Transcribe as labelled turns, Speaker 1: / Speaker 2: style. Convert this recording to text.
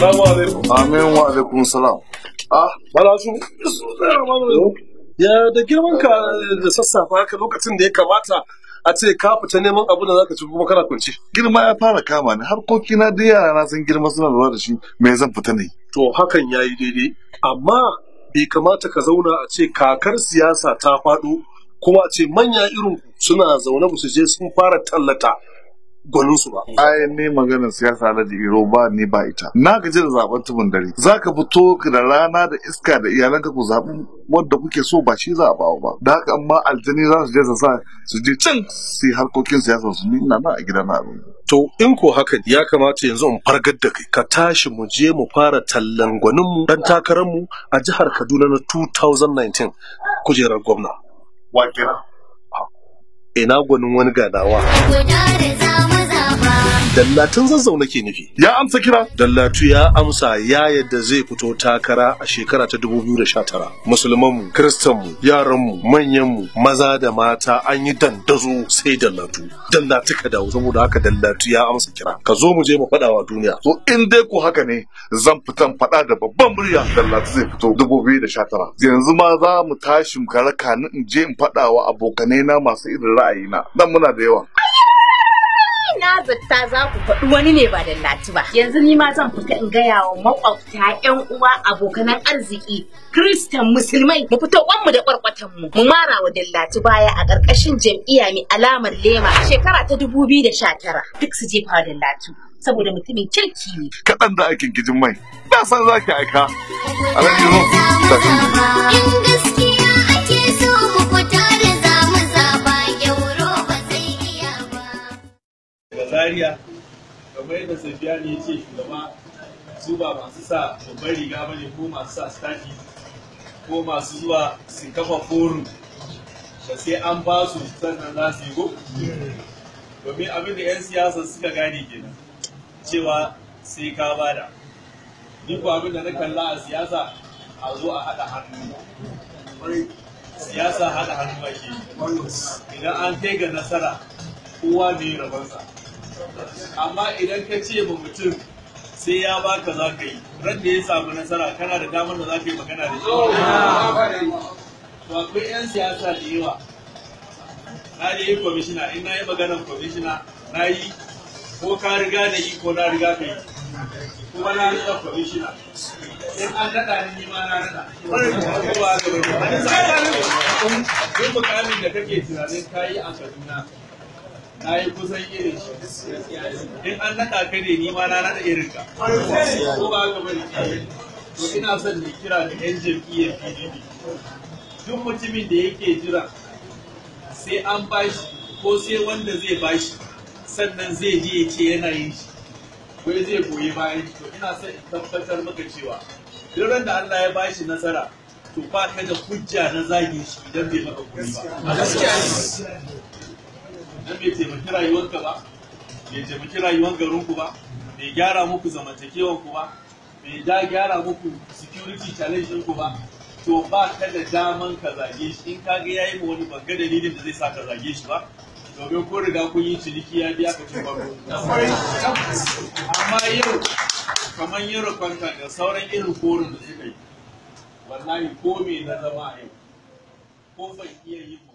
Speaker 1: Assalamu Amin wa salam. Ah, bala su. Ya da girman ka da sassafa haka lokacin da ya kamata a ce ka fita neman abu da zaka ci kuma kana kunci. Girma ya fara kama ni harkoki na da yara na sun girma suna lura da shi me zan fita ne. To hakan yayi daidai amma bai kamata ka zauna a ce kakar siyasa ta faɗo kuma a ce manya irin suna zaune su je sun fara tallata gwanin su ba. Ai ne maganar siyasa na iro ba ni ba ita. Na gaji da zaben tumin dare. Za ka fito da rana da iska da iyalanka ku zaɓi wanda kuke so ba shi za a ba. Da haka amma aljani za su je su sa su je can su yi harkokin siyasa su ni na na a gida na abin. To in ko haka ya kamata yanzu in fargar da kai ka tashi mu je mu fara tallan gwaninmu dan mu a jihar Kaduna na 2019 kujerar gwamna. Wa ina gwanin wani ganawa. Gwada da zama. Dallatun zazzau ke nufi. Ya amsa kira? Dallatu ya amsa ya yadda zai fito takara a shekara ta 2019. yaran mu, manyan mu, maza da mata an yi dandazo sai dallatu. Dallatu ka dawo saboda haka dallatu ya amsa kira. Ka zo mu je mu faɗa wa duniya. To in dai ko haka ne zan fitan faɗa da babban murya dallatu zai fito 2019. Yanzu ma za mu tashi mu karaka ni in je in faɗa wa abokanai na masu irin ra'ayi na. dan muna da yawa. na zata za ku faɗi wani ne ba da lati ba. Yanzu ni ma zan fita in gaya wa makwabta ƴan uwa abokanan arziki Kiristan musulmai mu fita kwanmu da kwarkwatan mu mu mara wa dallati baya a ƙarƙashin jam'iyya mai alamar lema a shekara ta 2019 duk su jefa dallatu saboda mutumin kirki ne. Kaɗan da a kinkijin mai, na san za ki aika. Alhaji zo, tafi.
Speaker 2: Zaria kamar yadda Safiyani ya ce shugaba su ba masu sa babbar riga ba ne ko masu sa staki ko masu zuwa su kafa forum da sai an ba su sannan za su yi go domin abin da 'yan siyasa suka gane kenan cewa sai ka bada ni ko abin da na kalla a siyasa a zo a haɗa hannu siyasa haɗa hannu ake idan an kai ga nasara kowa mai rabansa amma idan ka ce ba mutum sai ya baka za ka yi ran da ya samu nasara kana da damar da za ka yi magana da shi to akwai 'yan siyasa da yawa na da yi kwamishina in na yi maganar kwamishina na yi ko ka riga da yi ko na riga ka yi kuma na riga kwamishina in an daɗa ni ma na naɗa wani sa'adar duk mukamin da kake tunanin ka yi a kaduna na yi kusan irin shi in an naɗa ka ne ni ma na naɗa irin ka ko ba ka bari to ina son kira da yan jam'iyyar pdp duk mutumin da yake jira sai an bashi ko sai wanda zai bashi sannan zai je ya ce yana yin shi ko zai goyi bayan to ina son in tabbatar maka cewa duk da Allah ya bashi nasara to ba ka da hujja na zagin shi idan bai maka goyi ba don bai taimaki rayuwarka ba bai taimaki rayuwar garinku ba bai gyara muku zamantakewanku ba bai da gyara muku security challenge ɗinku ba to ba ka da daman ka zage shi in ka ga yayi ma wani banga dalilin da zai sa ka zage shi ba domin ko riga kun yi ciniki ya biya ka cin bango amma yau kamar yin rukunta da sauran irin korin da suka yi wallahi ko me na zama yau ko ban iya yin